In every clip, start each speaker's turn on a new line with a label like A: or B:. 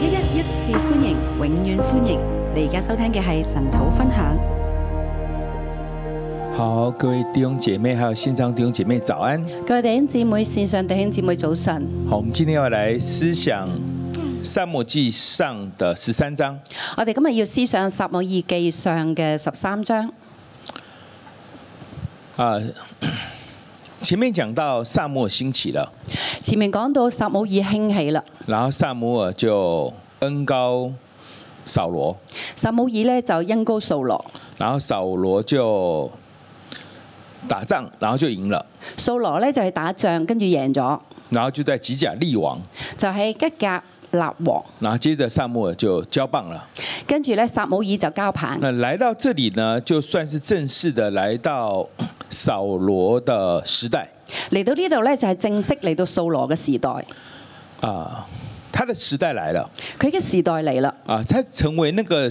A: 一一一次歡迎，永遠歡迎！你而家收聽嘅係晨禱分享。
B: 好，各位弟兄姐妹，還有現場弟兄姐妹，早安！
C: 各位弟兄姐妹，線上弟兄姊妹，早晨！
B: 好，我們今天要來思想撒母耳記上的十三章。
C: 我哋今日要思想撒母耳記上嘅十三章。
B: 啊！前面講到撒母耳興起了，
C: 前面講到撒母耳興起
B: 了，然後撒母耳就恩高掃羅，
C: 撒母耳呢就恩高
B: 掃羅，然後掃羅就打仗，然後就贏了，
C: 掃羅呢就係打仗跟住贏咗，
B: 然後就在吉甲立王，
C: 就喺、是、吉甲。立王，
B: 然後接着撒母耳就交棒了。
C: 跟住呢，撒母耳就交棒。
B: 那來到這裡呢，就算是正式的來到掃羅的時代。
C: 嚟到呢度呢，就係正式嚟到掃羅嘅時代。
B: 啊，他的時代來了。
C: 佢嘅時代嚟啦。
B: 啊，他成為那個。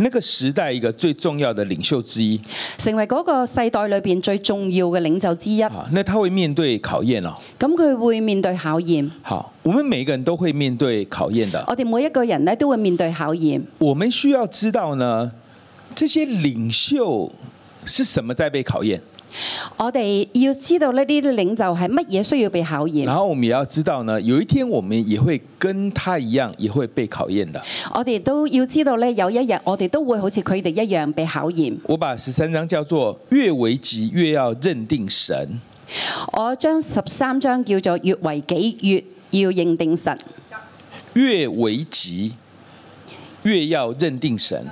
B: 那個時代一個最重要的領袖之一，
C: 成為嗰個世代裏邊最重要嘅領袖之一。啊，
B: 那他會面對考驗咯，哦。
C: 咁佢會面對考驗。
B: 好，我們每一個人都會面對考驗的。
C: 我哋每一個人呢都會面對考驗。
B: 我們需要知道呢，這些領袖是什麼在被考驗。
C: 我哋要知道呢啲領袖係乜嘢需要被考驗，然後
B: 我們也要知道呢，有一天我們也會跟他一樣，也會被考驗的。
C: 我哋都要知道呢，有一日我哋都會好似佢哋一樣
B: 被考驗。我把十三章叫做越危急越要認定神，
C: 我將十三章叫做越危急越要認定神，
B: 越危急越要認定神，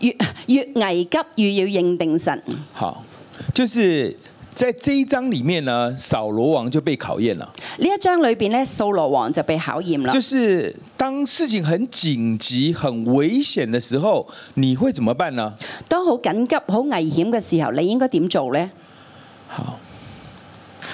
B: 越
C: 越危急越要認定神。
B: 好。就是在這一章裡面呢，掃羅王就被考驗了。
C: 呢一章裏邊呢，掃羅王就被考驗了。就是
B: 當事情很緊急、很危險的時候，你會怎麼辦呢？
C: 當好緊急、好危險嘅時候，你應該點做呢？好，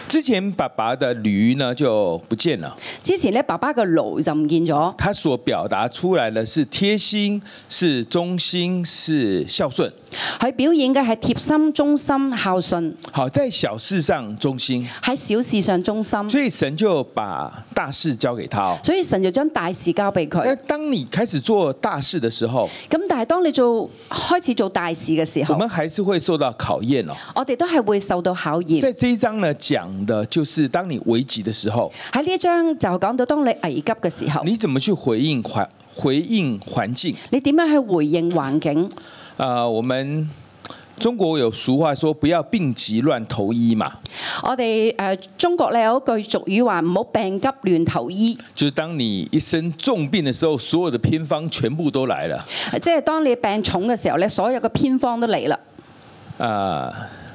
B: 之前爸爸的驢呢就不見了。之前呢，爸爸嘅驢就唔見咗。他所表達出來嘅是貼心、是忠心、是孝順。
C: 佢表演嘅係貼心、忠心、孝順。
B: 好，在小事上忠心。喺小事上忠心，所以神就把大事交給他。
C: 所以神就將大事交俾佢。那
B: 當你開始做大事的時候，
C: 咁但係當你做開始做大事嘅時候，我們還
B: 是會受到考驗咯。
C: 我哋都係會受到考驗。在
B: 這一章呢，講的就是當你危急的時候，喺呢一章就講到當你危急嘅時候，你怎麼去回應環回應環境？你點樣去回應環境？啊、uh，，我們中國有俗話說，不要病急亂投醫嘛。
C: 我哋誒、呃，中國咧有一句俗語話，唔好病急亂投醫。
B: 就是，當你一身重病嘅時候，所有嘅偏方全部都來了。
C: 即係當你病重嘅時候咧，你所有嘅偏方都嚟
B: 了。啊、uh。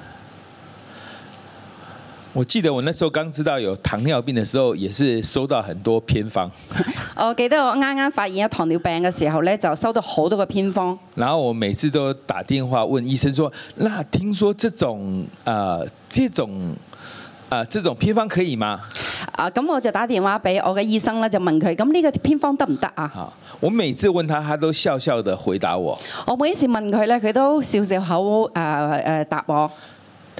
B: 我記得我那時候剛知道有糖尿病的時候，也是收到很多偏方 。
C: 我記得我啱啱發現有糖尿病嘅時候咧，就收到好多個偏方 。
B: 然後我每次都打電話問醫生，說：那聽說這種，啊、呃，這種，啊、呃，這種偏方可以嗎？
C: 啊，咁我就打電話俾我嘅醫生咧，就問佢：咁呢個偏方得唔得啊？
B: 我每次問他，他都笑笑的回答我。
C: 我每一次問佢咧，佢都笑笑口，誒誒答我。 我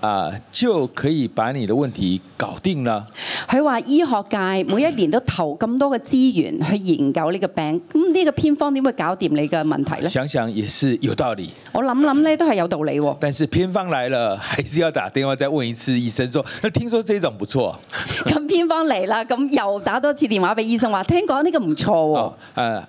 B: 啊，就可以把你的問題搞定了。
C: 佢話醫學界每一年都投咁多嘅資源去研究呢個病，咁呢個偏方點會搞掂你嘅問題呢？
B: 想想也是有道理。
C: 我諗諗咧，都係有道理，哦。
B: 但是偏方來了，還是要打電話再問一次醫生，說，那聽說呢種不錯。
C: 咁，嗯、偏方嚟啦，咁又打多次電話俾醫生，話聽講呢個唔錯，哦
B: 哦。啊。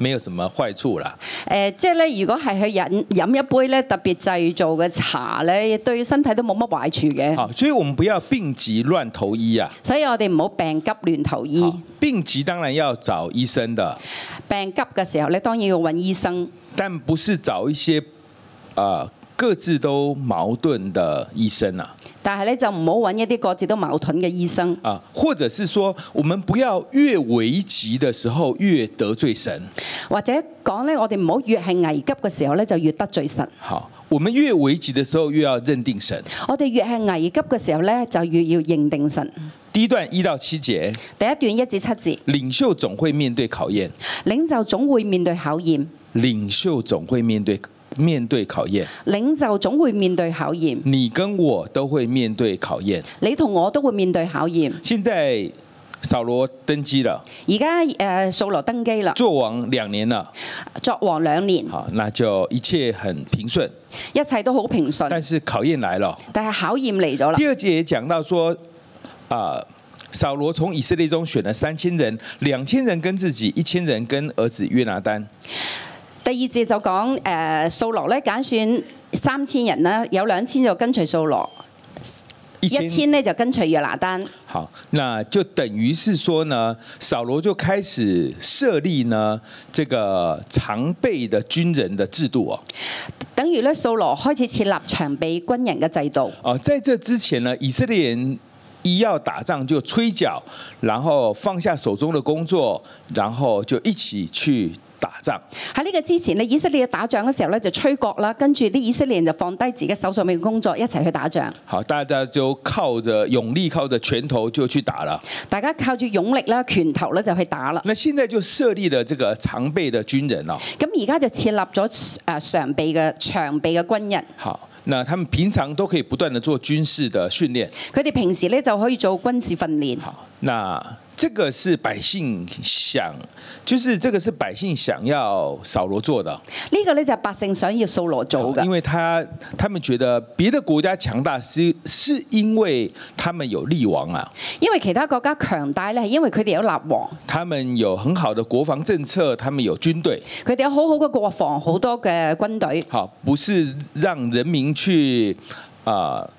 B: 沒有什麼壞處啦。
C: 誒，即係咧，如果係去飲飲一杯咧，特別製造嘅茶咧，對身體都冇乜壞處嘅。好，
B: 所以我們不要病急亂投醫啊。
C: 所以我哋唔好病急
B: 亂投醫。病急當然要找醫生的。
C: 病急嘅時候咧，當然要揾
B: 醫生。但不是找一些誒，各自都矛盾的醫生啊。
C: 但係咧就唔好揾一啲各自都矛盾嘅醫生。
B: 啊，或者是說，我們不要越危急嘅時候越得罪神，
C: 或者講咧，我哋唔好越係危急嘅時候咧就越得罪神。
B: 好，我們越危急嘅時候越要認定神。
C: 我哋越係危急嘅時候咧就越要認定神。
B: 第一段一到七節。
C: 第一段一至七節。
B: 領袖總會面對考驗。領袖總會面對考驗。領袖總會面對。面對考驗，
C: 領袖總會面對考驗。
B: 你跟我都會面對考驗。你同我都會面對考驗。現在掃羅登基了。而家誒，呃，掃羅登基啦。作王兩年啦。作王兩年。好，那就一切很平順。一切都好平順。但是考驗來了。但係考驗嚟咗啦。第二節也講到說，啊、呃，掃羅從以色列中選了三千人，兩千人跟自己，一千人跟兒子約拿單。
C: 第二節就講誒掃羅咧，揀選三千人啦，有兩千就跟隨掃羅，一千咧就跟隨約拿單。
B: 好，那就等於是說呢，掃羅就開始設立呢這個常備的軍人的制度啊。
C: 等於咧，掃羅開始設立常備軍人嘅制
B: 度。啊，在這之前呢，以色列人一要打仗就吹角，然後放下手中的工作，然後就一起去。打仗喺呢
C: 個之前咧，以色列打仗嘅時候呢，就吹角啦，跟住啲以色列人就放低自己手上面嘅工作，一齊去打仗。
B: 好，大家就靠着勇力，靠着拳頭就去打了。大
C: 家靠住勇力啦，拳頭呢就去打
B: 啦。那現在就設立咗這個常備嘅軍人啦。咁
C: 而家就設立咗誒常備嘅常備嘅軍人。
B: 好，那他們平常都可以不斷嘅做軍事的訓練。
C: 佢哋平時呢，就可以做軍事訓練。好，
B: 那。這個是百姓想，就是這個是百姓想要掃羅做的。呢個呢，就是百姓想要掃羅做的。因為他他們覺得別的國家強大是是因為他們有立王啊。
C: 因為其他國家強大呢，係因為佢哋有立王。
B: 他們有很好的國防政策，他們有軍隊，
C: 佢哋有好好嘅國防，好多嘅軍隊。
B: 好，不是讓人民去啊。呃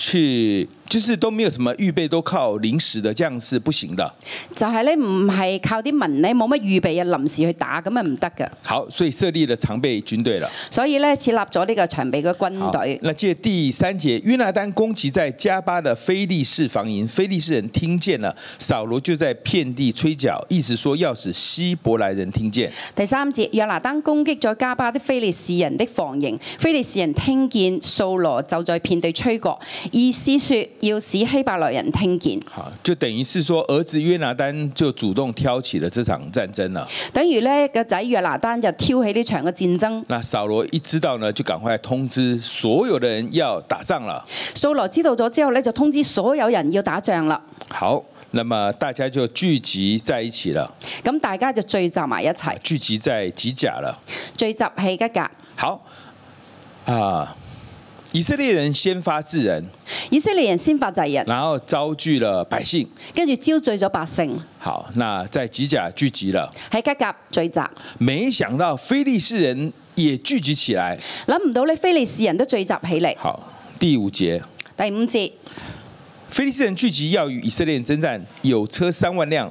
B: 去就是都沒有什麼預備，都靠臨時的，這樣是不行的。
C: 就係、是、咧，唔係靠啲民咧，冇乜預備啊，臨時去打咁啊唔得嘅。
B: 好，所以設立咗常備軍隊啦。
C: 所以呢，設立咗呢個常備嘅軍隊。
B: 那借第三節，約拿丹攻擊在加巴的菲利士房營，菲利士人聽見了，掃羅就在遍地吹角，意思說要使希伯來人聽見。
C: 第三節，約拿丹攻擊咗加巴的菲利士人的房營，菲利士人聽見掃羅就在遍地吹角。意思說要使希伯來人聽見，
B: 就等於是說，兒子約拿單就主動挑起了這場戰爭啦。
C: 等於呢個仔約拿單就挑起呢場嘅戰爭。
B: 那掃羅一知道呢，就趕快通知所有的人要打仗啦。
C: 掃羅知道咗之後呢，就通知所有人要打仗啦。
B: 好，那麼大家就聚集在一起了。
C: 咁大家就聚集埋一齊，
B: 聚集在吉甲了。
C: 聚集喺吉甲。
B: 好，啊。以色列人先發制人，
C: 以色列人先發制人，
B: 然後招聚了百姓，
C: 跟住招聚咗百
B: 姓。好，那在吉甲聚集了，喺吉甲聚集。沒想到非利士人也聚集起來，諗
C: 唔到呢，非利士人都聚集起嚟。好，
B: 第五節，第五節，非利士人聚集要與以色列人爭戰，有車三萬輛。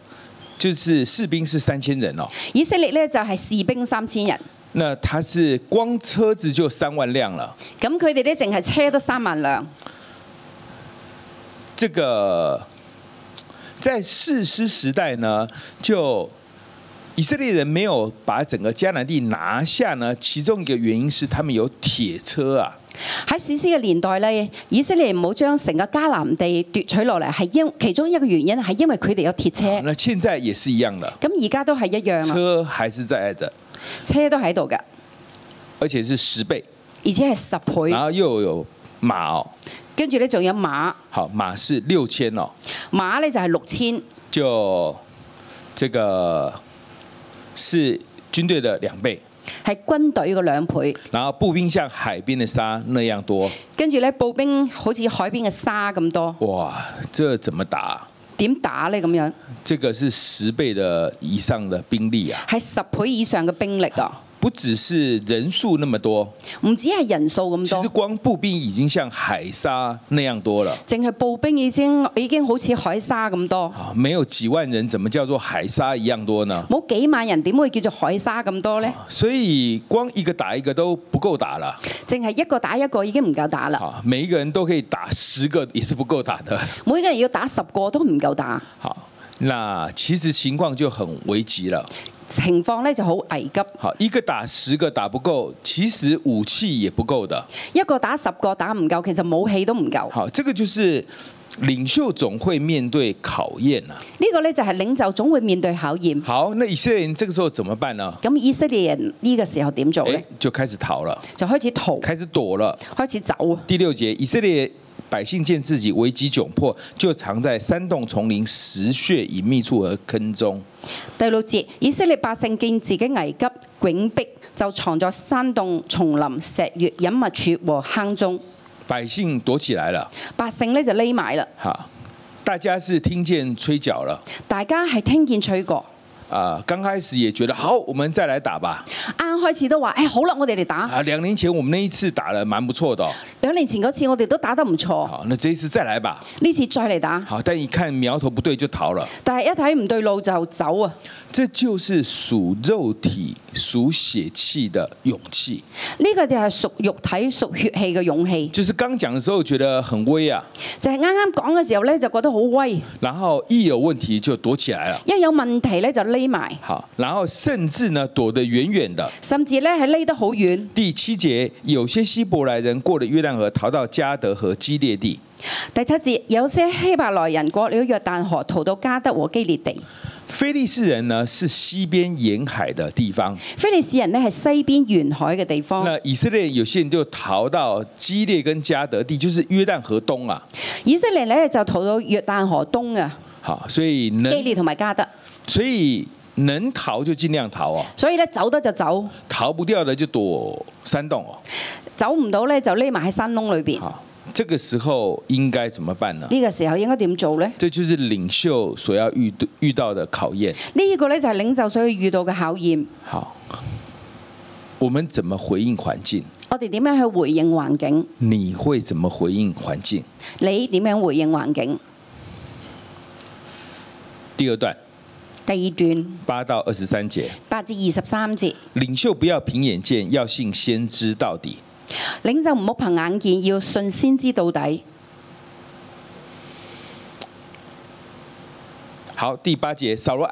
B: 就是士兵是三千人哦，
C: 以色列呢就係士兵三千人。
B: 那他是光車子就三萬輛了。
C: 咁佢哋呢淨係車都三萬輛。
B: 這個在士師時代呢，就以色列人沒有把整個迦南地拿下呢，其中一個原因是他們有鐵車啊。
C: 喺史詩嘅年代咧，以色列唔好將成個迦南地奪取落嚟，係因其中一個原因係因為佢哋有鐵車。咁，呢現
B: 在也是一樣嘅，
C: 咁而家都係一樣的。車
B: 還是在的，
C: 車都喺度噶，
B: 而且是十倍，而且係十倍。然後又有馬，跟住咧仲有馬，好馬是六千哦，馬咧就係六千，就這個是軍隊的兩倍。
C: 係軍隊嘅兩倍，
B: 然後步兵像海邊嘅沙那樣多，
C: 跟住咧，步兵好似海
B: 邊嘅沙咁多。哇，這怎麼打啊？點打呢？咁樣，這個是十倍的以上的兵力啊，係十倍以上嘅兵力啊。不只是人數那麼多，唔止係人數咁多，其實光步兵已經像海沙那樣多了。
C: 淨係步兵已經已經好似海沙咁多。啊，
B: 沒有幾萬人，怎麼叫做海沙一樣多呢？冇
C: 幾萬人，點會叫做海沙咁多呢、啊？
B: 所以光一個打一個都不夠打了。
C: 淨係一個打一個已經唔夠打啦。
B: 啊，每一個人都可以打十個也是不夠打的。
C: 每個人要打十個都唔夠打。
B: 好、啊，那其實情況就很危急了。
C: 情況呢就好危急。
B: 好，一個打十個打不夠，其實武器也不夠的。
C: 一個打十個打唔夠，其實武器都唔夠。
B: 好，這個就是領袖總會面對考驗啦。呢、
C: 呢個呢就係領袖總
B: 會面對考驗。好，那以色列人這個時候怎麼辦呢？咁以色列人呢個時候點做咧？就開始逃了，就開始逃，開始躲了，開始走。第六節，以色列百姓見自己危急窘迫，就藏在山洞、叢林、石穴隱密處和坑中。
C: 第六節，以色列百姓見自己危急窘迫，就藏咗山洞、叢林、石穴、隱密處和坑中。
B: 百姓躲起來了。
C: 百姓呢就匿埋啦。
B: 吓，大家是聽見吹角了。大家係聽見吹過。啊，剛開始也覺得好，我們再來打吧。
C: 啱開始都話，誒、欸，好啦，我哋嚟打。啊，
B: 兩年前我們那一次打得蠻不錯的。
C: 兩年前嗰次我哋都打得唔錯。好，
B: 那這次再來吧。
C: 呢次再嚟打。
B: 好，但係一看苗頭不對就逃了。但
C: 係一睇唔對路
B: 就走啊。這就是屬肉體屬血氣的勇氣。
C: 呢、這個就係屬肉體屬血氣嘅勇氣。
B: 就是剛講嘅時候覺得很威啊。就係啱啱講嘅時候咧，就覺得好威。然後一有問題就躲起來了。
C: 一有問題咧就匿好，
B: 然後甚至呢，躲得遠遠的，
C: 甚至呢，係匿得
B: 好遠。第七節，有些希伯來人過了約旦河，逃到加德和基列地。
C: 第七節，有些希伯來人過了約旦河，逃到加德和基列地。
B: 非利士人呢，是西邊沿海的地方。非利士人呢，係西邊沿
C: 海嘅地方。那
B: 以色列有些人就逃到基列跟加德地，就是約旦河東啊。
C: 以色列呢，就逃到約旦河東啊。
B: 好，所以呢，基列同埋加德。所以能逃就盡量逃啊！
C: 所以咧，走得就走，
B: 逃不掉的就躲山洞哦、
C: 啊。走唔到咧，就匿埋喺山窿裏邊。好，
B: 這個時候應該怎麼辦呢？呢個
C: 時候應該點做呢？
B: 這就是領袖所要遇遇到的考驗。
C: 呢個咧就係領袖所要遇到嘅考驗。
B: 好，我們怎麼回應環境？
C: 我哋點樣去回應環境？
B: 你會怎麼回應環境？
C: 你點樣回應環境？
B: 第二段。第二段八到二十三節，
C: 八至二十三節，
B: 領袖不要憑眼見，要信先知到底。
C: 領袖唔好憑眼見，要信先知到底。
B: 好，第八節，掃羅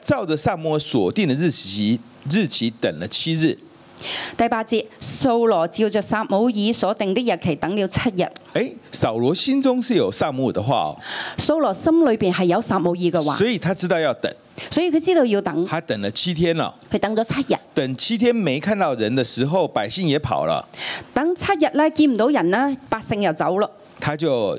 B: 照着撒母耳所定的日期，日期等了七日。
C: 第八節，掃羅照着撒母耳所定的日期等了七日。
B: 誒、欸，掃羅心中是有撒母耳的話。
C: 掃羅心裏邊係有撒母耳嘅話，所
B: 以他知道要等，所以佢知道要等。他等了七天啦，啊，佢等咗七日，等七天沒看到人的時候，百姓也跑了。
C: 等七日呢，見唔到人呢，百姓又走咯。
B: 他就。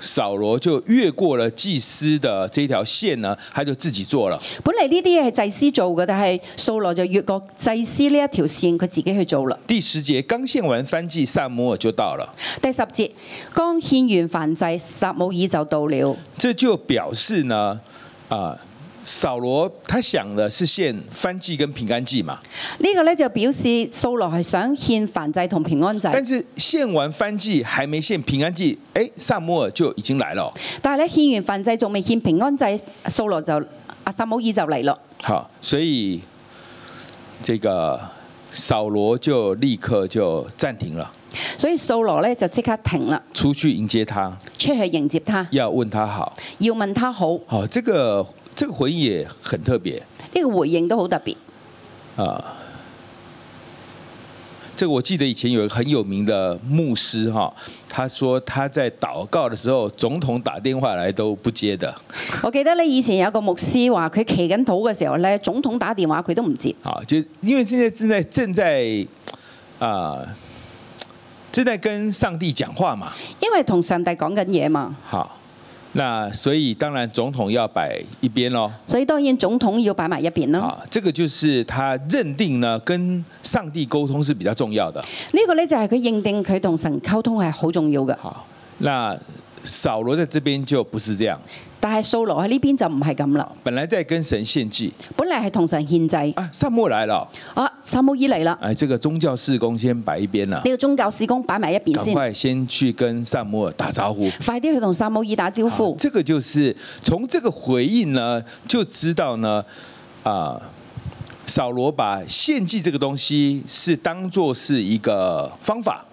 B: 掃羅就越過了祭司的這條線呢，他就自己做了。
C: 本嚟呢啲嘢係祭司做嘅，但係掃羅就越過祭司呢一條線，佢自己去做啦。
B: 第十節剛獻完燔祭，撒母耳就到了。
C: 第十節剛獻完燔祭，撒母耳就到了。
B: 這就表示呢，啊。掃羅他想的是獻燔祭跟平安祭嘛？
C: 呢個呢就表示掃羅係想獻燔祭同平安祭。但
B: 是獻完燔祭，還沒獻平安祭，誒，撒母耳就已經來了。
C: 但係呢，獻完燔祭仲未獻平安祭，掃羅就阿撒母耳就嚟咯。
B: 好，所以這個掃羅就立刻就暫停了。
C: 所以掃羅呢就即刻停啦。
B: 出去迎接他，出去迎接他，要問他好，
C: 要問他好。
B: 好，這個。這個回應也很特別。
C: 呢個回應都好特別。
B: 啊，這個我記得以前有一個很有名的牧師哈，他說他在禱告的時候，總統打電話來都不接的。
C: 我記得呢，以前有個牧師話佢祈緊禱嘅時候呢，總統打電話佢都唔
B: 接。啊，就因為現在正在正在啊、呃，正在跟上帝講話嘛。
C: 因為同上帝講緊嘢嘛。
B: 好。那所以當然總統要擺一邊咯，
C: 所以當然總統要擺埋一邊咯。
B: 這個就是他認定呢，跟上帝溝通是比較重要的。
C: 呢個咧就係佢認定佢同神溝通係好重要嘅。好，
B: 那掃羅在這邊就不是這樣。
C: 但係掃羅喺呢邊就唔係咁啦。
B: 本來在跟神獻祭，本嚟係同神獻祭。啊，撒母耳來了。啊，撒母耳嚟啦。哎，啊，這個宗教事工先擺一邊啦，啊。呢
C: 個宗教事工擺埋一邊先。快
B: 先去跟撒母耳打招呼。
C: 快啲去同撒母耳打招呼，
B: 啊。這個就是從這個回應呢，就知道呢，啊，掃羅把獻祭這個東西是當做是一個方法。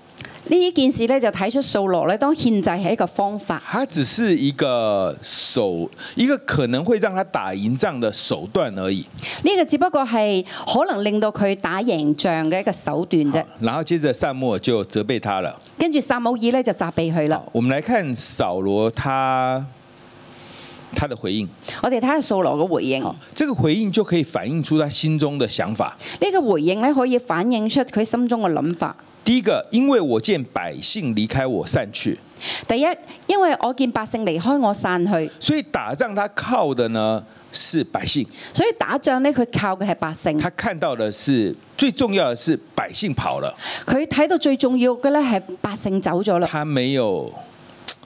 C: 呢件事咧就睇出掃羅咧當獻祭係一個方法，他
B: 只是一個手一個可能會讓他打贏仗嘅手段而已。
C: 呢個只不過係可能令到佢打贏仗嘅一個手段啫。
B: 然後接着撒母耳就責備他了，
C: 跟住撒母耳呢，就責備佢啦。
B: 我們來看掃羅他他的回應，
C: 我哋睇下掃羅嘅
B: 回應，這個回應就可以反映出他心中的想法。
C: 呢個回應咧可以反映出佢心中嘅諗法。
B: 第一個，因為我見百姓離開我散去。第一，因為
C: 我見百姓離開我散去。
B: 所以打仗他靠的呢是百姓。所以打仗呢，他靠的係百姓。他看到的是最重要的是百姓跑了。佢睇到最重要嘅呢，係百姓走咗。他沒有。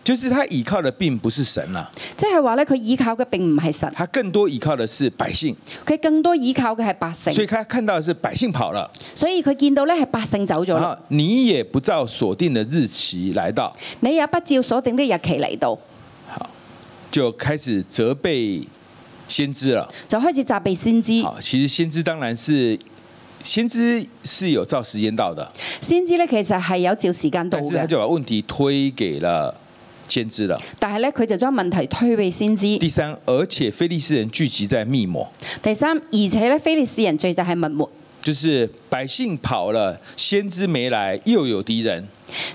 B: 就是他倚靠的並不是神呐，即
C: 係話咧，佢倚靠嘅並唔係神，他更
B: 多倚靠的是百姓。
C: 佢更多倚靠嘅係百姓，所
B: 以佢看到的是百姓跑了。
C: 所以佢見到咧係百姓走咗。
B: 你也不照所定的日期來到，
C: 你也不照所定的日期嚟到。好，
B: 就開始責備先知了，
C: 就開始責備先知。好，其
B: 實先知當然是，先知是有照時間到的。
C: 先知咧其實係有照時間到，但是他就
B: 把問題推給了。先知了，
C: 但係咧佢就將問題推俾先知。第
B: 三，而且非利士人聚集在密抹。
C: 第三，而且咧非利士人聚
B: 集喺密抹。就是百姓跑了，先知沒來，又有敵人。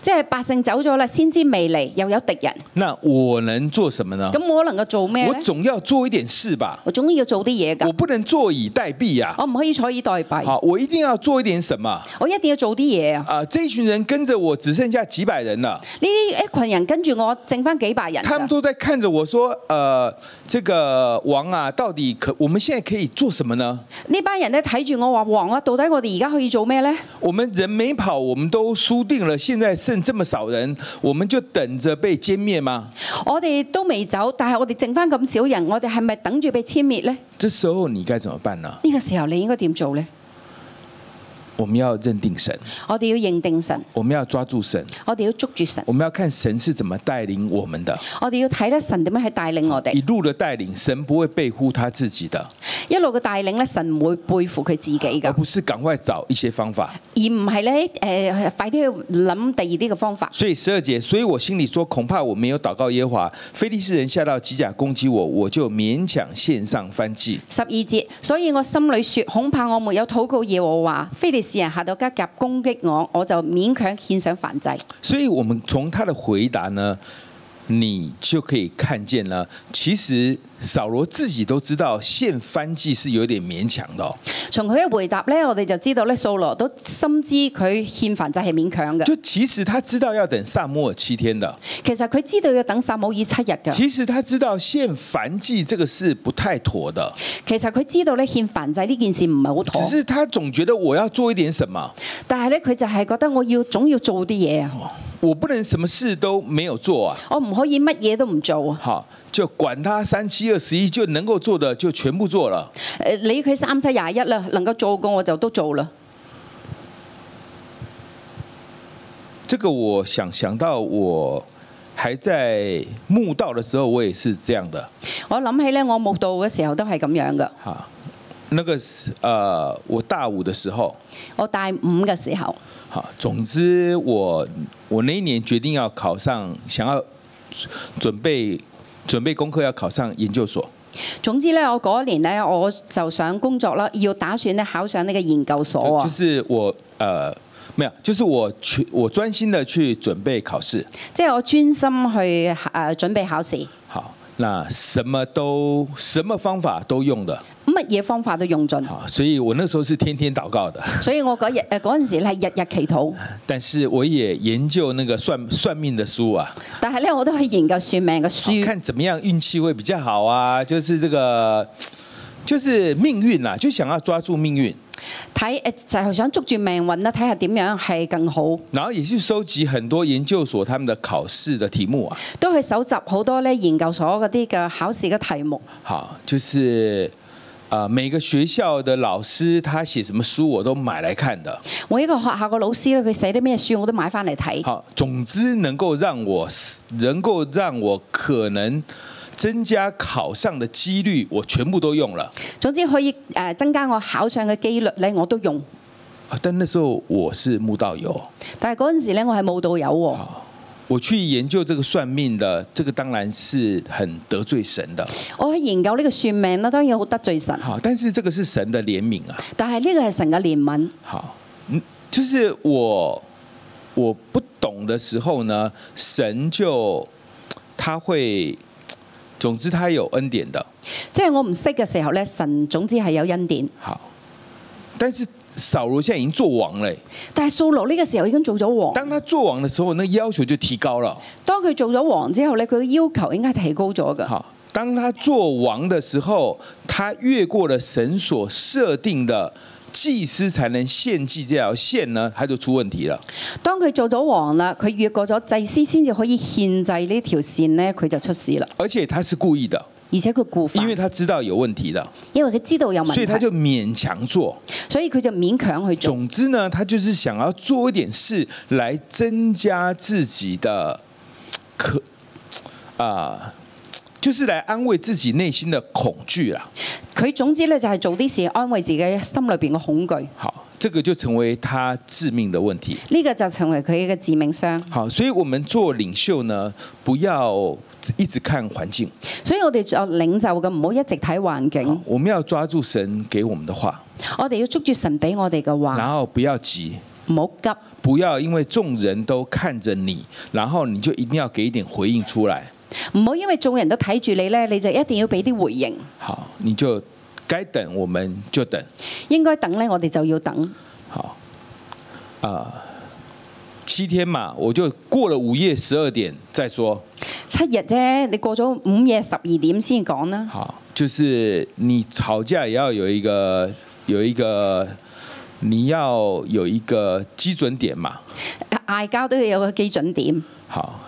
C: 即係百姓走咗啦，先知未嚟又有敵人。
B: 那我能做什麼呢？咁我能夠做咩？我總要做一點事吧。我總要做啲嘢㗎。我不能坐以待斃呀、啊。我唔可以坐以待斃。好，我一定要做一點什麼。我一定要做啲嘢啊！啊，這一群人跟着我，只剩下幾百人啦。
C: 呢一群人跟住我，剩返幾百人。他們都在看着我說：
B: 誒、呃，這個王啊，到底可我們現在可以做什麼呢？
C: 呢班人咧睇住我話，王啊，到底我哋而家可以做咩咧？
B: 我們人沒跑，我們都輸定了。現在在剩這麼少人，我們就等着被殲滅嗎？
C: 我哋都未走，但係我哋剩返咁少人，我哋係咪等住被殲滅咧？
B: 這時候你該怎麼辦呢、啊？
C: 呢個時候你應該點
B: 做咧？我們要認定神，
C: 我哋要認定神，
B: 我們要抓住神，我哋要捉住神，我們要看神是怎麼帶領我們的，
C: 我哋要睇咧神點樣去帶領我哋一
B: 路嘅帶領，神不會背負他自己的，一路嘅帶領咧，神唔會背負佢自己噶，而不是趕快找一些方法，
C: 而唔係咧誒，快啲去諗第二啲嘅方法。
B: 所以十二節，所以我心裏說，恐怕我沒有禱告耶和華，非利士人下到吉甲攻擊我，我就勉強獻上燔祭。
C: 十二節，所以我心裏說，恐怕我沒有禱告耶和華，非利。人下到吉甲攻擊我，我就勉強獻上燔祭。
B: 所以，我們從他的回答呢，你就可以看見啦，其實。掃羅自己都知道獻燔祭是有點勉強的。從佢
C: 嘅回答咧，我哋就知道咧，掃羅都深知佢獻燔祭係勉強嘅。就
B: 其實他知道要等撒母耳七天的。
C: 其實佢知道要等撒母耳七日嘅。其
B: 實他知道獻燔祭這個事不太妥的。
C: 其實佢知道咧獻燔祭呢件事唔係好妥，只
B: 是他總覺得我要做一點什麼。
C: 但係咧，佢就係覺得我要總要做啲嘢啊。
B: 我不能什麼事都沒有做啊。我唔可以乜嘢都唔做啊。好。就管他三七二十一，就能夠做的就全部做了。
C: 呃，理佢三七廿一啦，能夠做過我就都做了。
B: 這個我想想到我還在慕道的時候，我也是這樣的。
C: 我諗起咧，我慕道嘅時候都係咁樣嘅。
B: 吓，那個時呃，我大五嘅時候。我大
C: 五嘅時候。
B: 吓，總之我我那一年決定要考上，想要準備。準備功課要考上研究所。
C: 總之呢，我嗰年呢，我就想工作啦，要打算呢考上呢個研究所。就
B: 是我，誒、呃，沒有，就是我去，我專心的去準備考試。
C: 即係我專心去誒、呃、準備考試。
B: 那什麼都什麼方法都用的，
C: 乜嘢方法都用盡。
B: 所以，我那時候是天天禱告的。
C: 所以我嗰日誒嗰陣時咧日日祈禱。
B: 但是我也研究那個算算命的書啊。
C: 但係咧，我都可以研究算命嘅書，
B: 看怎麼樣運氣會比較好啊。就是這個，就是命運啦、啊，就想要抓住命運。
C: 睇就係想捉住命運啦，睇下點樣係更好。
B: 然後也是收集很多研究所他們的考試的題目啊。
C: 都去搜集好多咧研究所嗰啲嘅考試嘅題目。
B: 吓，就是啊每個學校的老師，他寫什麼書我都買來看的。
C: 我一個學校嘅老師咧，佢寫啲咩書我都買翻嚟睇。
B: 好，總之能夠讓我，能夠讓我可能。增加考上的幾率，我全部都用了。
C: 總之，可以誒，增加我考上嘅幾率呢，我都用。
B: 但那時候我是慕道友。
C: 但係嗰陣時咧，我係慕道
B: 友。我去研究這個算命的，這個當然是很得罪神的。
C: 我去研究呢個算命咧，當然好得罪神。
B: 好，但是這個是神的憐憫啊。
C: 但係呢個係神嘅憐憫。
B: 好，就是我我不懂的時候呢，神就他會。總之，他有恩典的。
C: 即係我唔識嘅時候咧，神總之係有恩典。好，
B: 但是掃羅現在已經做王嘞。但係掃羅呢個時候已經做咗王。當他做王嘅時候，那要求就提高了。當佢做咗王之後咧，佢嘅要求應該係提高咗噶。好，當他做王嘅時候，他越過了神所設定的。祭司才能獻祭這條線呢，他就出問題了。
C: 當佢做咗王啦，佢越過咗祭司，先至可以獻祭呢條線呢，佢就出事啦。
B: 而且他是故意的，而且佢故，因為他知道有問題的，因為佢知道有問題，所以他就勉強做。所以佢就勉強去做。總之呢，他就是想要做一點事來增加自己的可啊。就是來安慰自己內心的恐懼啦。
C: 佢總之呢，就係做啲事安慰自己心裏邊嘅恐懼。
B: 好，這個就成為他致命的問題。
C: 呢個就成為佢一個致命傷。
B: 好，所以我們做領袖呢，不要一直看環境。所以我哋做領
C: 袖嘅唔好一直睇環境。
B: 我們要抓住神給我們的話。
C: 我哋要捉住神俾我哋嘅話。
B: 然後不要急，唔好急，不要因為眾人都看着你，然後你就一定要給一點回應出來。
C: 唔好因為眾人都睇住你呢，你就一定要俾啲回應。
B: 好，你就該等我們就等。
C: 應該等呢，我哋就要等。好，啊、
B: 呃，七天嘛，我就過了午夜十二點再說。
C: 七日啫，你過咗午夜十二點先講啦。好，
B: 就是你吵架也要有一個，有一個，你要有一個基準點嘛。
C: 嗌交都要有個基準點。
B: 好。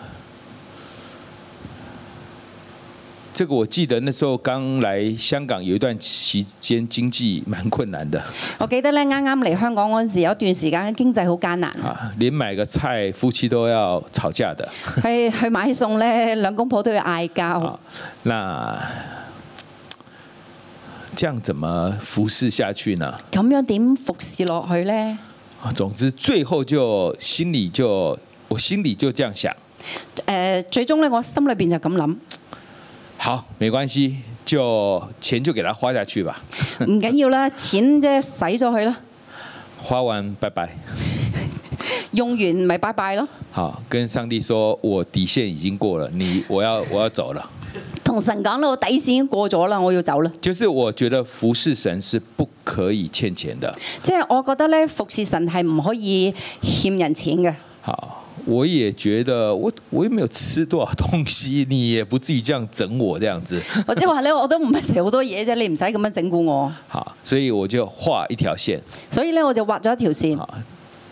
B: 這個我記得那時候剛來香港有一段期間經濟蠻困難的。
C: 我記得呢，啱啱嚟香港嗰陣時有一段時間經濟好艱難
B: 啊，連買個菜夫妻都要吵架的。
C: 去去買餸呢，兩公婆都要嗌交。
B: 那這樣怎麼服侍下去呢？
C: 咁樣點服侍落去呢？
B: 總之最後就心裏就我心裏就這樣想。
C: 誒、呃，最終呢，我心裏邊就咁諗。
B: 好，沒關係，就錢就給他花下去吧。
C: 唔緊要啦， 錢即係使咗佢啦。
B: 花完拜拜。
C: 用完咪拜拜咯。
B: 好，跟上帝說，我底線已經過了，你我要我要走了。
C: 同神講咯，我底線已經過咗啦，我要走啦。
B: 就是我覺得服侍神是不可以欠錢的。
C: 即係我覺得咧，服侍神係唔可以欠人錢嘅。
B: 好。我也覺得我我又沒有吃多少東西，你也不至於這樣整我，這樣子。或
C: 者係話咧，我都唔係食好多嘢啫，你唔使咁樣整蠱我。
B: 好，所以我就畫一條線。
C: 所以咧，我就畫咗一條線。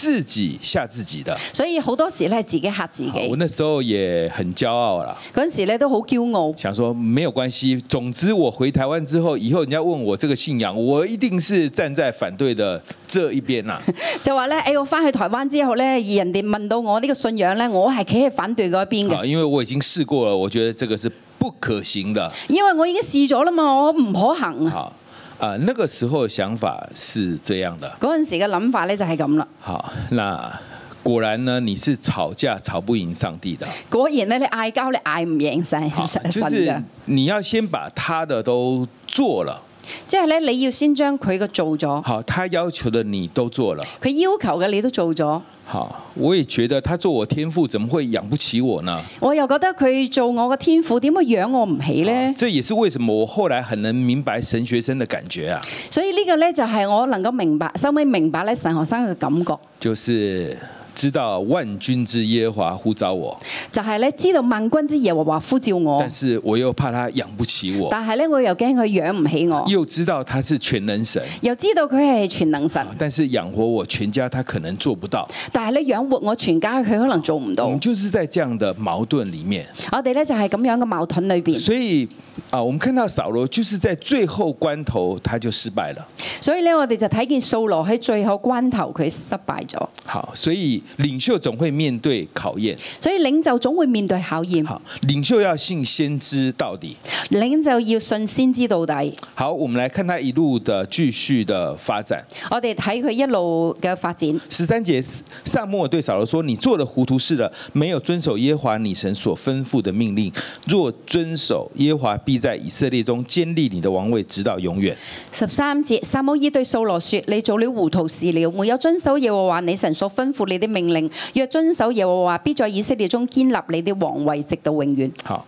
B: 自己吓自己的，
C: 所以好多時呢，自己吓自己。
B: 我那時候也很驕傲啦，
C: 嗰時呢都好驕傲，
B: 想說沒有關係，總之我回台灣之後，以後人家問我這個信仰，我一定是站在反對的這一邊啦。
C: 就話呢，哎，我翻去台灣之後呢，而人哋問到我呢個信仰呢，我係企喺反對嗰邊嘅。
B: 因為我已經試過了，我覺得這個是不可行的。
C: 因為我已經試咗了嘛，我唔可行
B: 好啊，那個時候想法，是這樣的。
C: 嗰陣時嘅諗法咧，就係咁啦。
B: 好，那果然呢，你是吵架吵不贏上帝的。
C: 果然呢，你嗌交，你嗌唔贏神。好，就是
B: 你要先把他的都做了。即係
C: 咧，你要先將佢嘅做咗。
B: 好，他要求的你都做了。
C: 佢要求嘅你都做咗。
B: 好，我也覺得他做我天父，怎麼會養不起我呢？
C: 我又覺得佢做我嘅天父，點會養我唔起咧？
B: 這也是為什麼我後來很能明白神學生的感覺啊！
C: 所以呢個呢，就係我能夠明白，稍微明白咧神學生嘅感覺，
B: 就是。知道萬軍之耶和華呼召我，
C: 就係咧知道萬軍之耶和華呼召我，但
B: 是我又怕他養不起我，但
C: 係咧我又驚佢養唔起我，
B: 又知道他是全能神，又知道佢係全能神，但是養活我全家他可能做不到，但係咧養活我全家佢可能做唔到，我們、嗯、就是在這樣的矛盾裏面，
C: 我哋咧就係咁樣嘅矛盾裏邊，
B: 所以啊，我們看到掃羅就是在最後關頭他就失敗了，
C: 所以咧我哋就睇見掃羅喺最後關頭佢失敗咗，
B: 好，所以。領袖總會面對考驗，
C: 所以領袖總會面對考驗。好，
B: 領袖要信先知到底，
C: 領袖要信先知到底。
B: 好，我們來看他一路的繼續的發展。我哋睇佢一路嘅發展。十三節，撒母耳對掃羅說：你做了糊塗事了，沒有遵守耶華你神所吩咐的命令。若遵守耶華，必在以色列中堅立你的王位，直到永遠。
C: 十三節，撒母耳對掃羅說：你做了糊塗事了，沒有遵守耶和華你神所吩咐你的命令，命令若遵守，耶和華必在以色列中建立你的王位，直到永遠。好，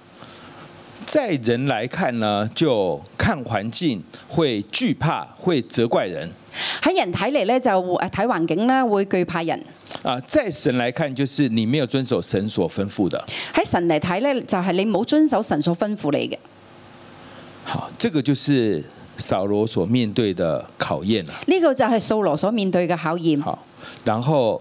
B: 在人來看呢，就看環境會懼怕，會責怪人。
C: 喺人睇嚟呢，就睇環境咧會懼怕人。
B: 啊，在神來看，就是你沒有遵守神所吩咐的。
C: 喺神嚟睇呢，就係、是、你冇遵守神所吩咐你嘅。
B: 好，這個就是掃羅所面對的考驗啦。
C: 呢、這個就係掃羅所面對嘅考驗。好，
B: 然後。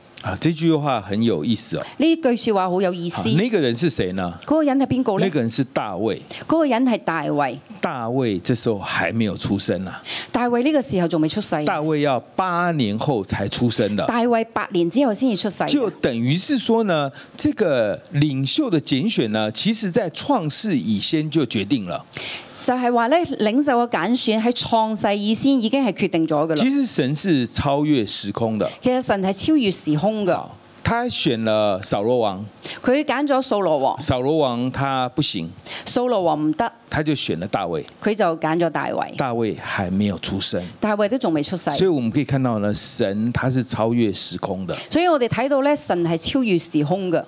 B: 啊，這句話很有意思哦！
C: 呢句説話好有意思、啊。那個
B: 人是誰呢？嗰、那個人係邊個呢？那個人是大衛。嗰、那個人係大衛。大衛這時候還沒有出生啦、啊。大衛呢個時候仲未出世、啊。大衛要八年後才出生的。大
C: 衛八年之後先至出世。就
B: 等於是說呢，這個領袖的揀選呢，其實在創世以先就決定了。
C: 就係話咧，領袖嘅揀選喺創世以先已經係決定咗㗎喇。其
B: 實神是超越時空的。其實神係超越時空㗎。他選了掃羅王。佢揀咗掃羅王。掃羅王他不行。掃羅王唔得。他就選了大衛。佢就揀咗大衛。大衛還沒有出生。
C: 大衛都仲未出世。所
B: 以我們可以看到咧，神他是超越時空的。所以我哋睇到咧，神係超越時空嘅。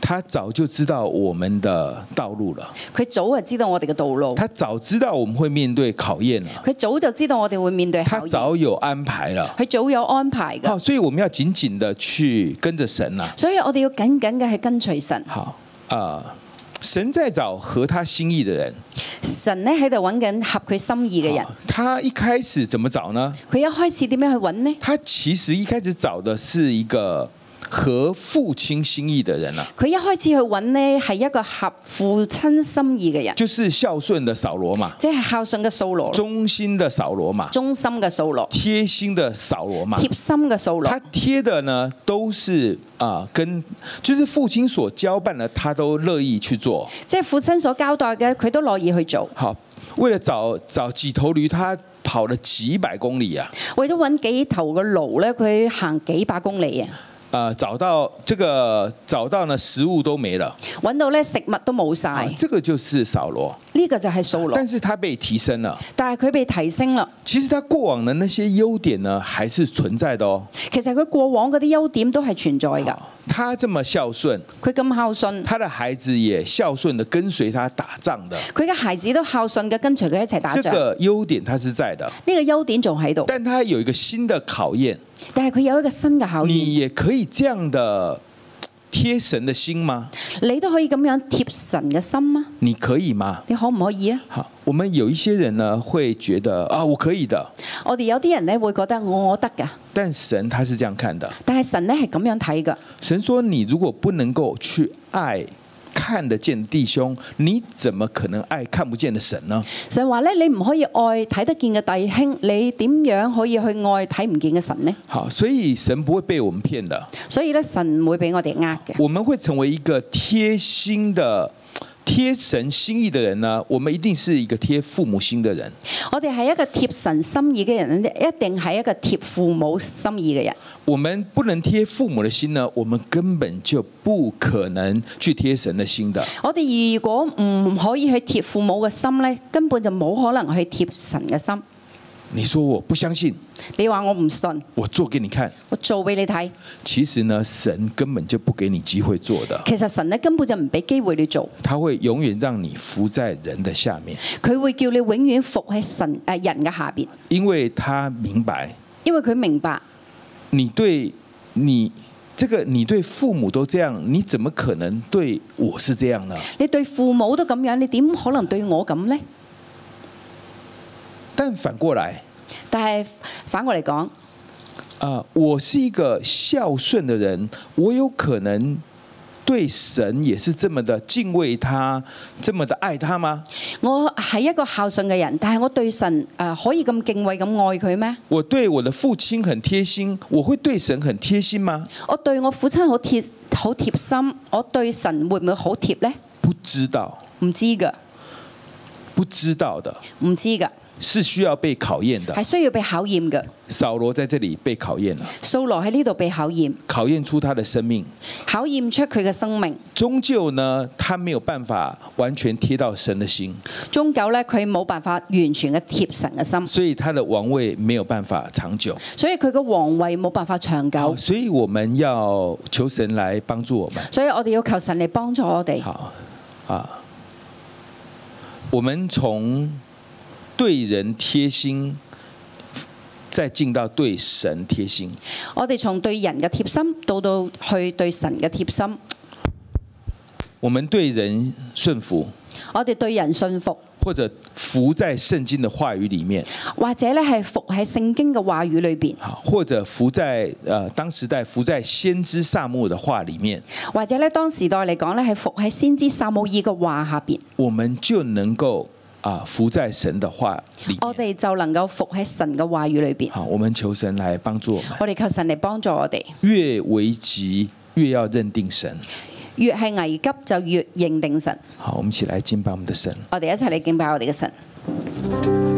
B: 他早就知道我們的道路了。佢早就知道我哋嘅道路。他早知道我們會面對考驗啦。
C: 佢早就知道我哋會面對考驗。他
B: 早有安排了。
C: 佢早有安排噶。好，
B: 所以我們要緊緊的去跟着神啦。
C: 所以我哋要緊緊嘅去跟隨神。好
B: 啊，呃，神在找合他心意的人。
C: 神呢喺度揾緊合佢心意嘅人。
B: 他一開始怎麼找呢？
C: 佢一開始點樣去揾呢？他
B: 其實一開始找的是一個合父親心意的人啦，
C: 佢一開始去揾呢係一個合父親心意嘅人，
B: 就是孝順的掃羅嘛，即係孝順嘅掃羅，忠心的掃羅嘛，忠心嘅掃羅，貼心的掃羅嘛，貼心嘅掃羅。他貼的呢，都是啊，跟就是父親所交辦的，他都樂意去做。
C: 即係父親所交代嘅，佢都樂意去做。
B: 好，為了找找幾頭驢，他跑咗幾百公里啊！
C: 為咗揾幾頭嘅驢咧，佢行幾百公里啊！
B: 呃找到這個，找到呢食物都沒了，揾到咧食物都冇晒，啊，這個就是掃羅，呢、呢個就係掃羅，但是他被提升了，但係佢被提升了，其實他過往的那些優點呢，還是存在的哦，其實佢過往嗰啲優點都係存在的，啊，他這麼孝順，佢咁孝順，他的孩子也孝順的跟隨他打仗的，
C: 佢嘅孩子都孝順嘅跟隨佢一齊打仗，這個
B: 優點他是在的，呢、
C: 呢個優點仲喺度，
B: 但他有一個新的考驗。但係佢有一個新嘅考驗。你也可以這樣的貼神嘅心嗎？
C: 你都可以咁樣貼神嘅心嗎？
B: 你可以嗎？
C: 你可唔可以啊？
B: 好，我們有一些人呢，會覺得啊，我可以的。我哋有啲人呢，會覺得
C: 我我得㗎。
B: 但神他是這樣看的。但係神呢係咁樣睇㗎。神說：你如果不能夠去愛，看得見弟兄，你怎麼可能愛看不見的神呢？
C: 神話咧，你唔可以愛睇得見嘅弟兄，你點樣可以去愛睇唔見嘅神呢？
B: 好，所以神不會被我們騙的。
C: 所以咧，神唔會俾我哋呃
B: 嘅。我們會成為一個貼心的。貼神心意的人呢？我們一定是一個貼父母心的人。
C: 我哋係一個貼神心意嘅人，一定係一個貼父母心意嘅人。
B: 我們不能貼父母嘅心呢？我們根本就不可能去貼神嘅心的。
C: 我哋如果唔可以去貼父母嘅心呢？根本就
B: 冇可能去貼神嘅心。你說我不相信。你話我唔信，我做給你看，我做俾你睇。其實呢，神根本就不給你機會做的。其實
C: 神呢根本就唔俾機會你做，
B: 他會永遠讓你服在人的下面。
C: 佢會叫你永遠服喺神誒人嘅下邊，
B: 因為他明白，
C: 因為佢明白，
B: 你對你，這個，你對父母都這樣，你怎麼可能對我是這樣呢？
C: 你對父母都咁樣，你點可能對我咁呢？
B: 但反過來。
C: 但係反過嚟講，
B: 呃，我是一個孝順的人，我有可能對神也是這麼的敬畏他，這麼的愛他嗎？我係一個孝
C: 順嘅人，但係我對神、呃、可以咁敬畏咁愛佢咩？
B: 我對我的父親很貼心，我會對神很貼心嗎？我對我父親好貼好貼心，我對
C: 神會唔會好貼呢？
B: 不知道，
C: 唔知噶，
B: 不知道的，
C: 唔知噶。
B: 是需要被考驗的，係
C: 需要被考驗嘅。
B: 掃羅在這裏被考驗啦，掃羅喺呢度被考驗，考驗出他的生命，考驗出佢嘅生命。終究呢，他沒有辦法完全貼到神的心。終究呢，佢冇辦法完全嘅貼神嘅心，所以他的王位沒有辦法長久。所以佢嘅王位冇辦法長久。所以我們要求神來幫助我們，所以我哋要求神
C: 嚟幫助我哋。好
B: 啊，我們從。對人貼心，再進到對神貼心。
C: 我哋從對人嘅貼心到到去對神嘅貼心。
B: 我們對人信服，
C: 我哋對人信服，
B: 或者服在聖經嘅話語裏面，
C: 或者咧係服喺聖經嘅話語裏邊。
B: 或者服在，誒，當時代服在先知撒母耳嘅話裏面，或
C: 者咧當時代嚟講咧係服喺先知撒母耳嘅話下邊，
B: 我們就能夠。啊！伏在神的話裏，
C: 我哋就能夠伏喺神嘅話語裏邊。好，我們求神來幫助我哋。我哋求神嚟幫助我哋。
B: 越危急，越要認定神，
C: 越係危急就越認定神。
B: 好，我們一起來敬拜我們的神。
C: 我哋一齊嚟敬拜我哋嘅神。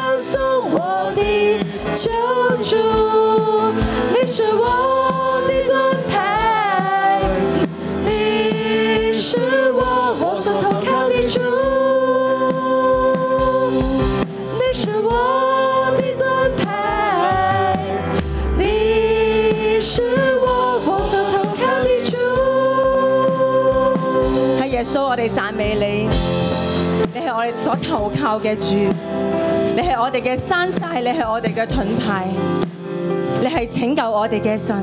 D: 歌頌我的救主，你是我的盾牌，你是我我所投靠的主，你是我的盾牌，你是我我所投靠的主。是，是，是耶
E: 穌，我哋讚美你，你係我哋所投靠嘅主。你係我哋嘅山寨，你係我哋嘅盾牌，你係拯救我哋嘅神，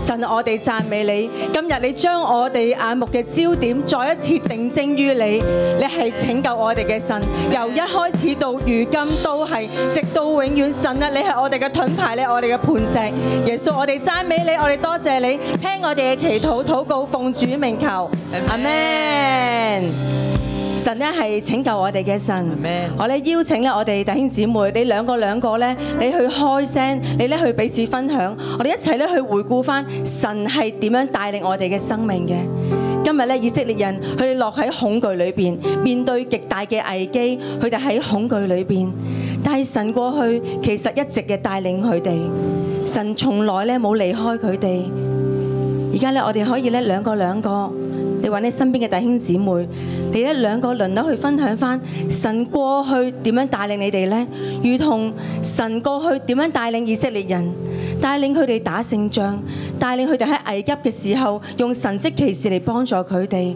E: 神，我哋讚美你。今日你將我哋眼目嘅焦點再一次定睛於你，你係拯救我哋嘅神。由一開始到如今都係，直到永遠，神啊！你係我哋嘅盾牌，你係我哋嘅磐石。耶穌，我哋讚美你，我哋多謝，謝你，聽我哋嘅祈禱禱告，奉主名求，阿門。神咧係拯救我哋嘅神，Amen。我哋邀請咧我哋弟兄姊妹，你兩個兩個咧，你去開聲，你咧去彼此分享，我哋一齊咧去回顧翻神係點樣帶領我哋嘅生命嘅。今日咧以色列人佢哋落喺恐懼裏邊，面對極大嘅危機，佢哋喺恐懼裏邊，但係神過去其實一直嘅帶領佢哋，神從來咧冇離開佢哋。而家咧我哋可以咧兩個兩個。你揾你身邊嘅弟兄姊妹，你一兩個輪流去分享翻神過去點樣帶領你哋呢？如同神過去點樣帶領以色列人，帶領佢哋打勝仗，帶領佢哋喺危急嘅時候用神蹟奇事嚟幫助佢哋。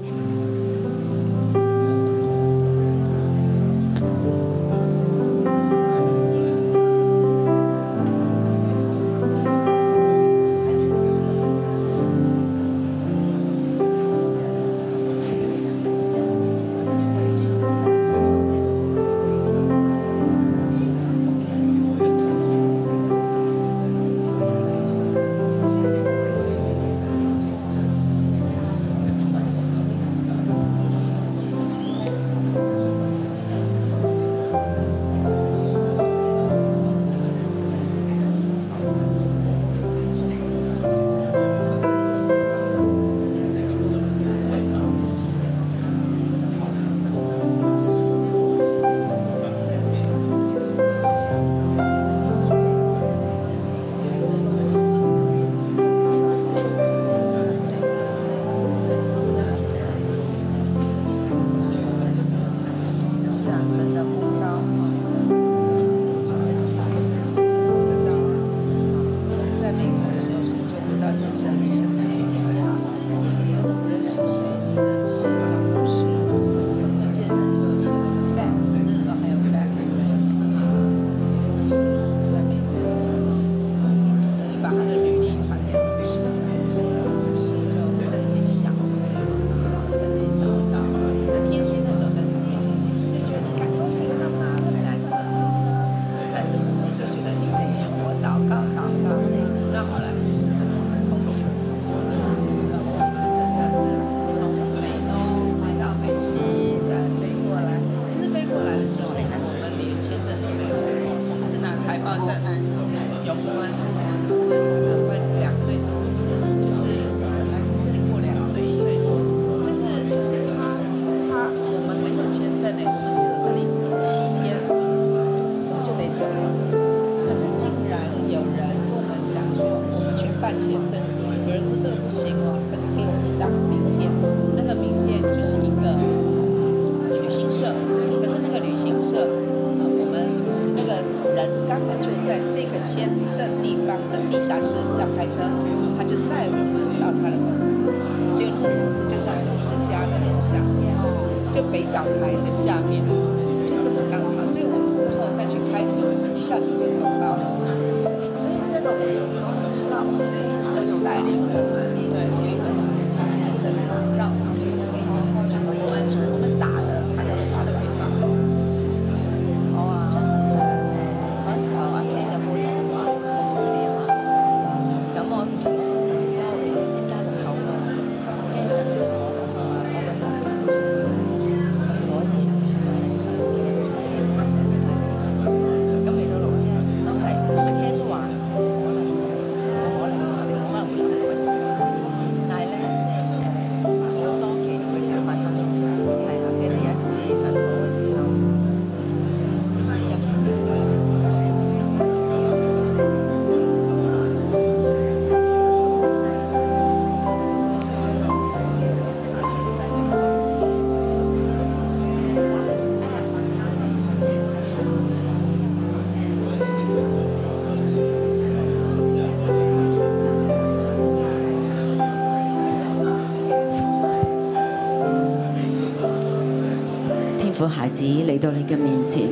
A: 嚟到你嘅面前，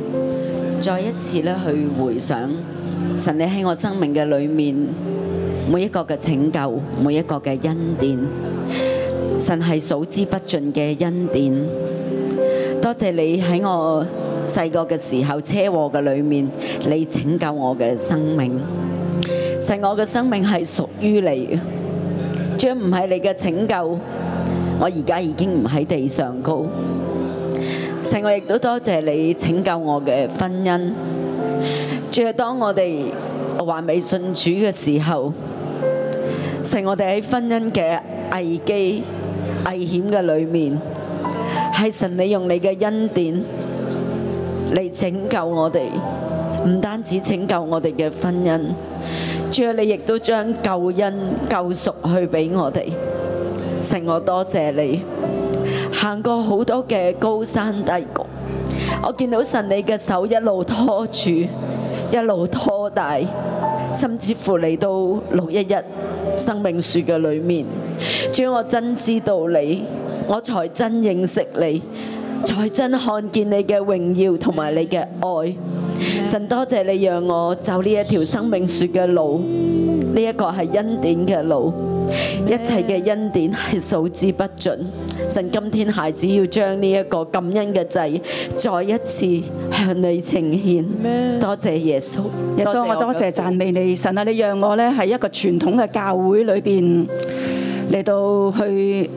A: 再一次咧去回想神，你喺我生命嘅裏面每一個嘅拯救，每一個嘅恩典，神係數之不盡嘅恩典。多謝你喺我細個嘅時候車禍嘅裏面，你拯救我嘅生命。神，我嘅生命係屬於你，將唔係你嘅拯救，我而家已經唔喺地上高。神我亦都多謝你拯救我嘅婚姻，最係當我哋還未信主嘅時候，神我哋喺婚姻嘅危機危險嘅裏面，係神你用你嘅恩典嚟拯救我哋，唔單止拯救我哋嘅婚姻，最係你亦都將救恩救贖去俾我哋，神我多謝你。行過好多嘅高山低谷，我見到神你嘅手一路拖住，一路拖大，甚至乎嚟到六一一生命樹嘅裏面，只要我真知道你，我才真認識你，才真看見你嘅榮耀同埋你嘅愛。神多謝你讓我走呢一條生命樹嘅路，呢、這、一個係恩典嘅路。一切嘅恩典係數之不盡，神今天孩子要將呢一個感恩嘅祭再一次向你呈現。多謝耶穌，耶穌我，我多謝讚美你神，神啊，你讓我咧喺一個傳統嘅教會
F: 裏邊嚟到去。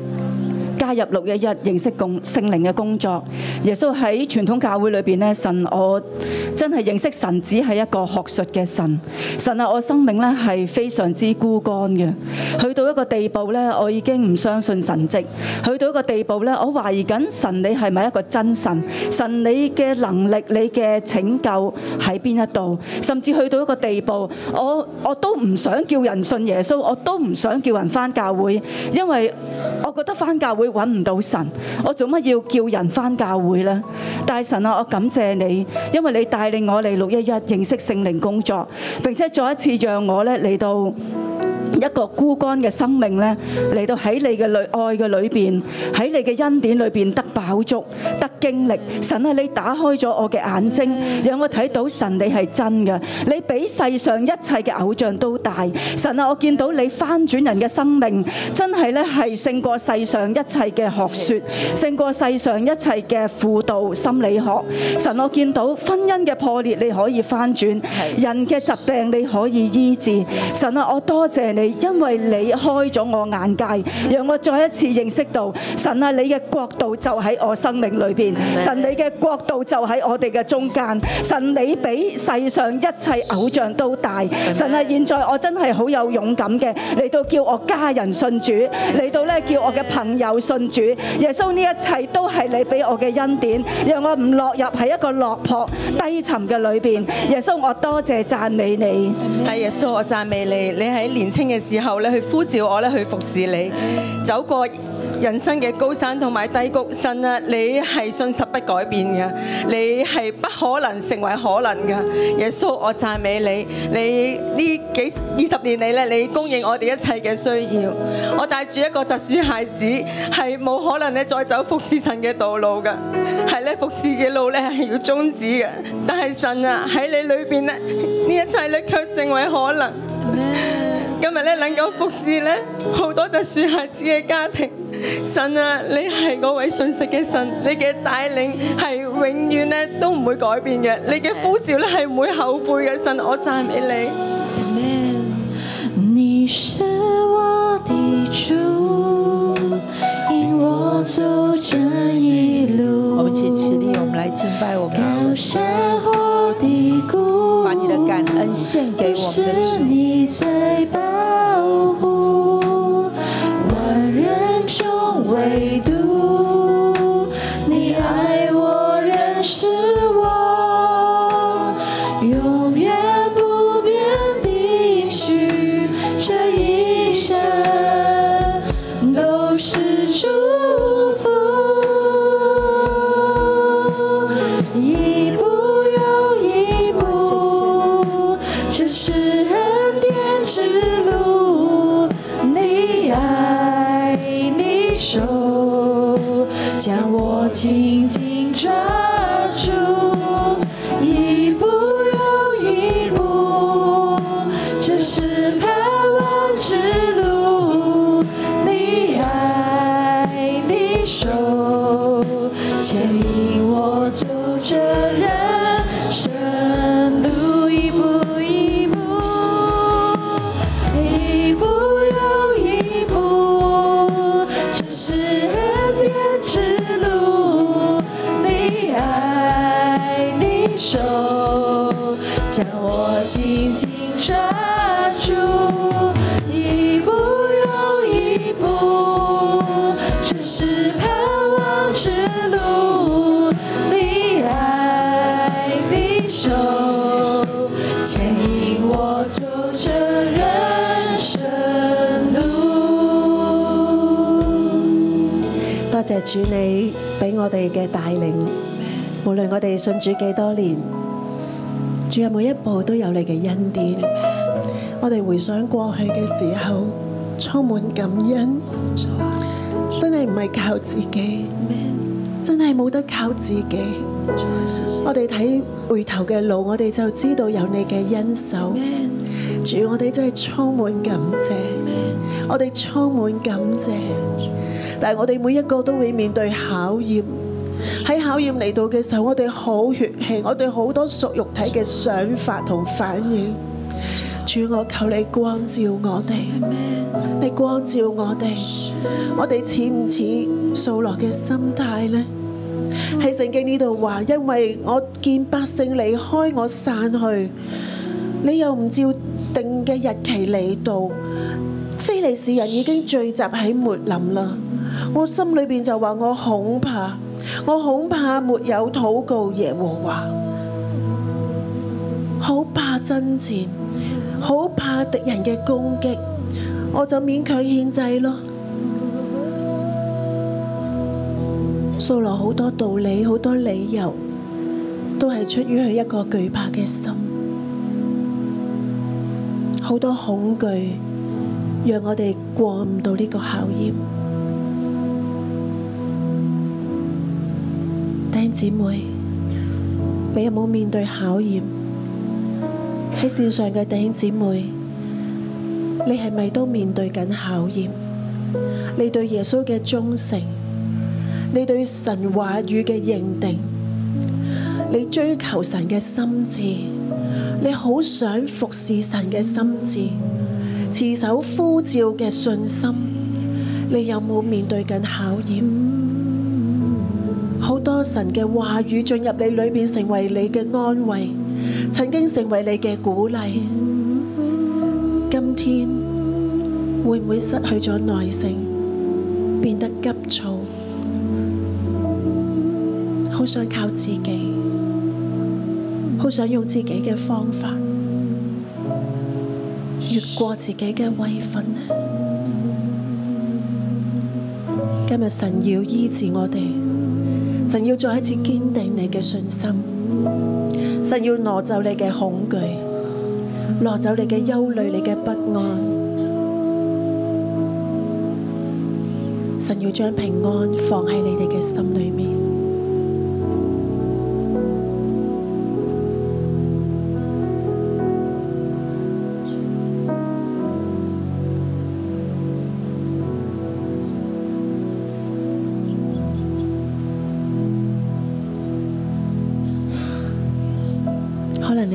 F: 加入六一一，認識共聖靈嘅工作。耶穌喺傳統教會裏邊咧，神我真係認識神只係一個學術嘅神。神啊，我生命咧係非常之枯乾嘅。去到一個地步咧，我已經唔相信神蹟。去到一個地步咧，我懷疑緊神你係咪一個真神？神你嘅能力，你嘅拯救喺邊一度？甚至去到一個地步，我我都唔想叫人信耶穌，我都唔想叫人返教會，因為我覺得返教會。揾唔到神，我做乜要叫人返教會咧？但係神啊，我感謝你，因為你帶領我嚟六一一認識聖靈工作，並且再一次讓我咧嚟到。一個孤單嘅生命咧，嚟到喺你嘅裏愛嘅裏邊，喺你嘅恩典裏邊得飽足，得經歷。神啊，你打開咗我嘅眼睛，讓我睇到神你係真嘅。你比世上一切嘅偶像都大。神啊，我見到你翻轉人嘅生命，真係咧係勝過世上一切嘅學說，勝過世上一切嘅輔導心理學。神，我見到婚姻嘅破裂你可以翻轉，人嘅疾病你可以醫治。神啊，我多謝你。係因為你開咗我眼界，讓我再一次認識到神啊！你嘅國度就喺我生命裏邊，神你嘅國度就喺我哋嘅中間，神你比世上一切偶像都大。神啊！現在我真係好有勇敢嘅嚟到叫我家人信主，嚟到咧叫我嘅朋友信主。耶穌，呢一切都係你俾我嘅恩典，讓我唔落入喺一個落魄低沉嘅裏邊。耶穌，我多謝讚美你，
E: 係耶穌，我讚美你，你喺年青嘅時候咧，去呼召我咧，去服侍你，走過人生嘅高山同埋低谷。神啊，你係信實不改變嘅，你係不可能成為可能嘅。耶穌，我讚美你，你呢幾二十年嚟咧，你供應我哋一切嘅需要。我帶住一個特殊孩子，係冇可能咧再走服侍神嘅道路嘅，係咧服侍嘅路咧係要終止嘅。但係神啊，喺你裏邊咧，呢一切咧卻成為可能。今日咧能夠服侍咧好多特殊孩子嘅家庭，神啊，你係嗰位信實嘅神，你嘅帶領係永遠咧都唔會改變嘅，你嘅呼召咧係唔會後悔嘅，神，我讚美
D: 你。
E: 我們一起起
G: 立，我們來敬拜我們的神。把你的感恩獻給我們的
H: 主，你俾我哋嘅帶領，無論我哋信主幾多年，主有每一步都有你嘅恩典。我哋回想過去嘅時候，充滿感恩。真係唔係靠自己，真係冇得靠自己。我哋睇回頭嘅路，我哋就知道有你嘅恩手。主，我哋真係充滿感謝，我哋充滿感謝。但我哋每一個都會面對考驗，喺考驗嚟到嘅時候，我哋好血氣，我哋好多屬肉體嘅想法同反應。主我求你光照我哋，你光照我哋，我哋似唔似掃羅嘅心態呢？喺聖經呢度話，因為我見百姓離開我散去，你又唔照定嘅日期嚟到，非利士人已經聚集喺末林啦。我心裏邊就話我恐怕，我恐怕沒有禱告耶和華，好怕爭戰，好怕敵人嘅攻擊，我就勉強獻祭咯。掃羅好多道理，好多理由，都係出於佢一個懼怕嘅心，好多恐懼，讓我哋過唔到呢個考驗。弟兄姊妹，你有冇面對考驗？喺綫上嘅弟兄姊妹，你係咪都面對緊考驗？你對耶穌嘅忠誠，你對神話語嘅認定，你追求神嘅心志，你好想服侍神嘅心志，持守呼召嘅信心，你有冇面對緊考驗？好多神嘅話語進入你裏面，成為你嘅安慰，曾經成為你嘅鼓勵。今天會唔會失去咗耐性，變得急躁，好想靠自己，好想用自己嘅方法越過自己嘅位分呢？今日神要醫治我哋。神要再一次堅定你嘅信心，神要挪走你嘅恐懼，挪走你嘅憂慮、你嘅不安，神要將平安放喺你哋嘅心裏面。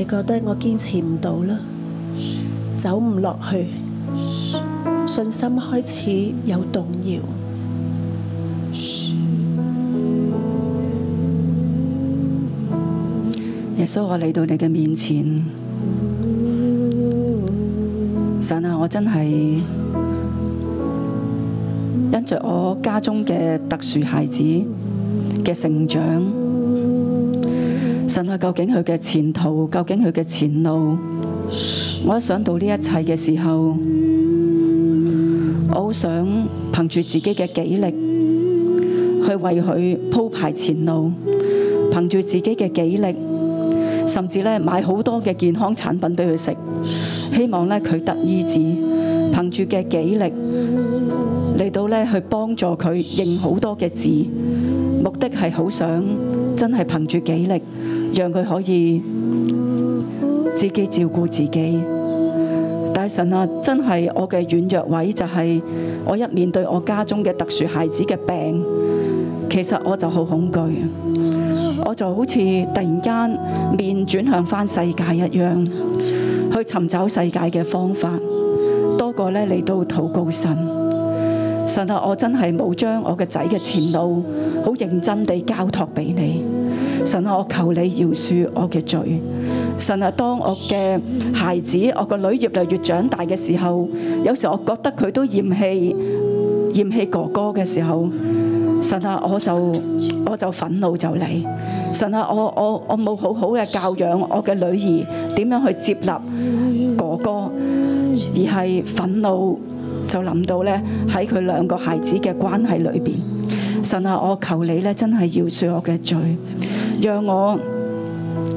H: 覺得我堅持唔到啦，走唔落去，信心開始有動搖。
F: 耶穌，我嚟到你嘅面前，神啊，我真係因着我家中嘅特殊孩子嘅成長。諗下究竟佢嘅前途，究竟佢嘅前路。我一想到呢一切嘅時候，我好想憑住自己嘅己力去為佢鋪排前路，憑住自己嘅己力，甚至咧買好多嘅健康產品俾佢食，希望咧佢得醫治。憑住嘅己力嚟到咧去幫助佢認好多嘅字。目的係好想真係憑住己力，讓佢可以自己照顧自己。但神啊，真係我嘅軟弱位就係我一面對我家中嘅特殊孩子嘅病，其實我就好恐懼，我就好似突然間面轉向翻世界一樣，去尋找世界嘅方法，多過嚟到禱告神。神啊，我真係冇將我嘅仔嘅前路好認真地交託俾你。神啊，我求你饒恕我嘅罪。神啊，當我嘅孩子，我個女兒越嚟越長大嘅時候，有時候我覺得佢都嫌棄嫌棄哥哥嘅時候，神啊，我就我就憤怒就嚟。神啊，我我我冇好好嘅教養我嘅女兒，點樣去接納哥哥，而係憤怒。就諗到咧喺佢兩個孩子嘅關係裡面，神啊，我求你咧，真係要恕我嘅罪，讓我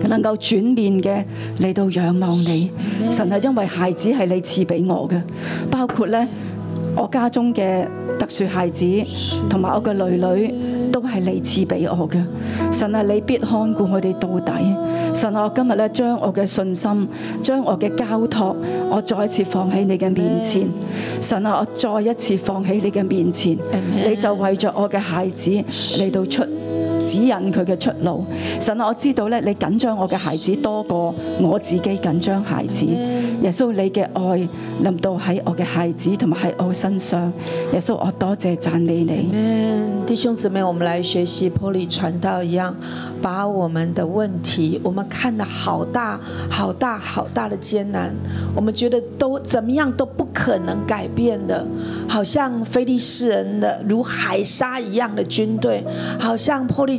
F: 能夠轉面嘅嚟到仰望你。神啊，因為孩子係你賜俾我嘅，包括咧我家中嘅特殊孩子，同埋我嘅女女都係你賜俾我嘅。神啊，你必看顧我哋到底。神啊，我今日咧將我嘅信心，將我嘅交託，我再一次放喺你嘅面前。嗯。神啊，我再一次放喺你嘅面前，你就為了我嘅孩子嚟到出。指引佢嘅出路，神啊，我知道咧，你緊張我嘅孩子多過我自己緊張孩子。耶穌，你嘅愛臨到喺我嘅孩子同埋喺我身上。耶穌，我多謝讚美你。弟兄姊妹，我們來學習破
G: 例傳道一樣，把我們的問題，我們看得好大、好大、好大的艱難，我們覺得都怎麼樣都不可能改變的，好像非利士人的如海沙一樣的軍隊，好像破例。